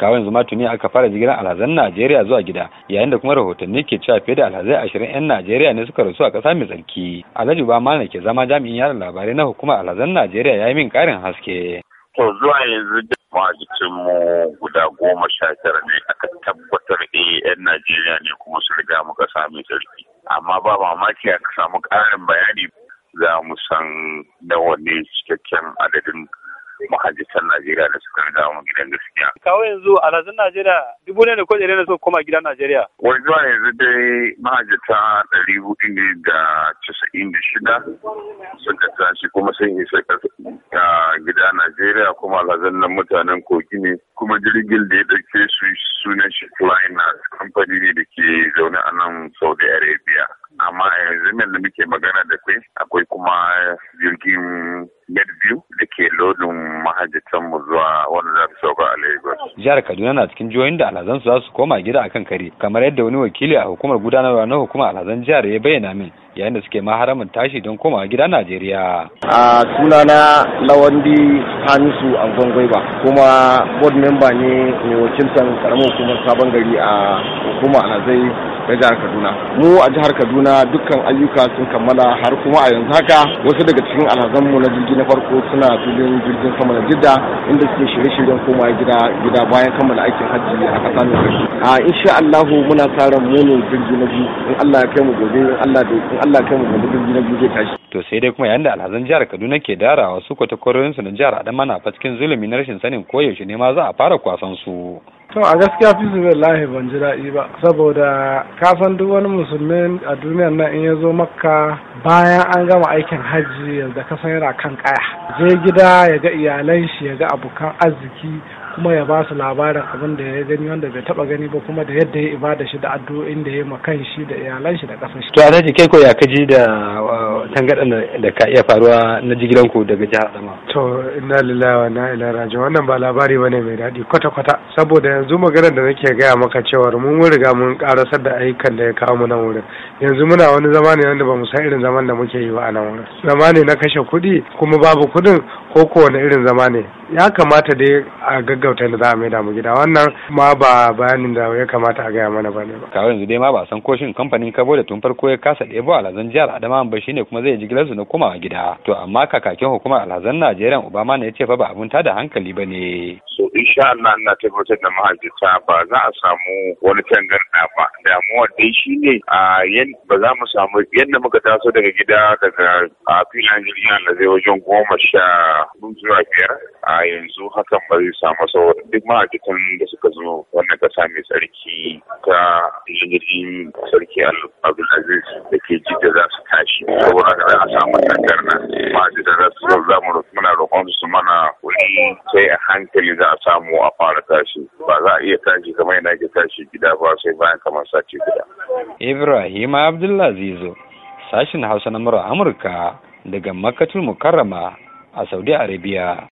Kawun yanzu ma tuni aka fara jigilar alhazan Najeriya zuwa gida yayin da kuma rahotanni ke cewa fiye da alhazai ashirin 'yan Najeriya ne suka rasu a ƙasa mai tsarki. Alhaji ba ma ke zama jami'in yaran labarai na hukumar alhazan Najeriya ya yi min ƙarin haske. To zuwa yanzu ma'aikacin mu guda goma sha tara ne aka tabbatar eh 'yan Najeriya ne kuma su riga mu ƙasa mai tsarki. Amma ba mamaki aka samu ƙarin bayani za mu san nawa ne cikakken adadin mahajjatan Najeriya da suka riga mu gidan gaskiya. Kawo yanzu a alhazan Najeriya dubu ne da ko ɗari ne suka koma gidan Najeriya. Wai zuwa yanzu dai mahajjata ɗari hudu ne da casa'in da shida suka tashi kuma sun isa ta gida Najeriya kuma alhazan nan mutanen kogi ne kuma jirgin da ya dauke su sunan shi Flyners kamfani ne da ke zaune a nan Saudi Arabia. Amma a yanzu da muke magana da kai akwai kuma jirgin Medview da ke lodin mahajjatan mu zuwa wanda za su sauka a Lagos. Jihar Kaduna na cikin jihohin da alhazan su za su koma gida akan kare kamar yadda wani wakili a hukumar gudanarwa na hukumar alhazan jihar ya bayyana min yayin da suke maharamin tashi don komawa gida Najeriya. A sunana Lawandi Hamisu Angon Gwaiba kuma board member ne mai wakiltar karamar hukumar sabon gari a hukumar Alazai na jihar kaduna mu a jihar kaduna dukkan ayyuka sun kammala har kuma a yanzu haka wasu daga cikin alhazanmu na jirgi na farko suna filin jirgin sama na jidda inda suke shirye-shiryen koma gida gida bayan kammala aikin hajji a ƙasa mai sarki a insha allahu muna sa ran mu jirgi na biyu in allah ya kai mu gobe in allah da in allah ya kai mu gobe jirgi na biyu zai tashi to sai dai kuma yayin da alhazan jihar kaduna ke darawa su kwatakwarorinsu na jihar adama na fa cikin zulumi na rashin sanin koyaushe ne ma za a fara kwasan su to a gaskiya fi lahi ban ji daɗi ba saboda kasan duk wani musulmi a duniyar nan in ya zo makka bayan an gama aikin hajji yanzu ka san yana kan kaya je gida ya ga iyalan shi ya ga abokan arziki kuma ya ba su labarin abin da ya yi gani wanda bai taba gani ba kuma da yadda ya ibada shi da addu'o'in da ya ma kan shi da iyalan shi da kasar shi. To Alhaji kai ko ya kaji da tangaɗan da ka iya faruwa na jigilan ku daga jihar Adama. To inna lillahi wa inna ilaihi raji'un wannan ba labari bane mai daɗi kwata kwata saboda yanzu maganar da nake gaya maka cewa mun riga mun karasar da ayyukan da ya kawo mu nan wurin yanzu muna wani zama ne wanda ba mu san irin zaman da muke yi ba a nan wurin zama na kashe kuɗi kuma babu kuɗin ko kowane irin zama ne ya kamata dai a gaggauta da za a maida mu gida wannan ma ba bayanin da ya kamata a gaya mana ba ne ba kawai yanzu dai ma ba san koshin. shin kamfanin kabo da tun farko ya kasa ɗebo alhazan jihar adama ba shine kuma zai jigilar su na komawa gida to amma kakakin hukumar alhazan najeriya obama ne ya ce fa ba abun tada hankali ba ne so insha Allah ina tabbatar da mahajjata ba za a samu wani tangarɗa ba damuwar dai ne a ba za mu samu yadda muka taso daga gida daga a filan jirgin na zai wajen goma sha zuwa biyar a yanzu hakan ba zai samu saboda duk ma'aikatan da suka zo wannan kasa mai tsarki ta jirgin sarki abdulaziz da ke ji da za su tashi saboda za a samu tangarna ma'aikatan za su zo za mu muna roƙon su mana kuɗi sai a hankali za a mu a fara tashi ba za a iya tashi kamar yana ke tashi gida ba sai bayan kamar sace gida Ibrahim Abdullazizo sashin Hausa na Amurka daga Makkatul Mukarrama a Saudi Arabia.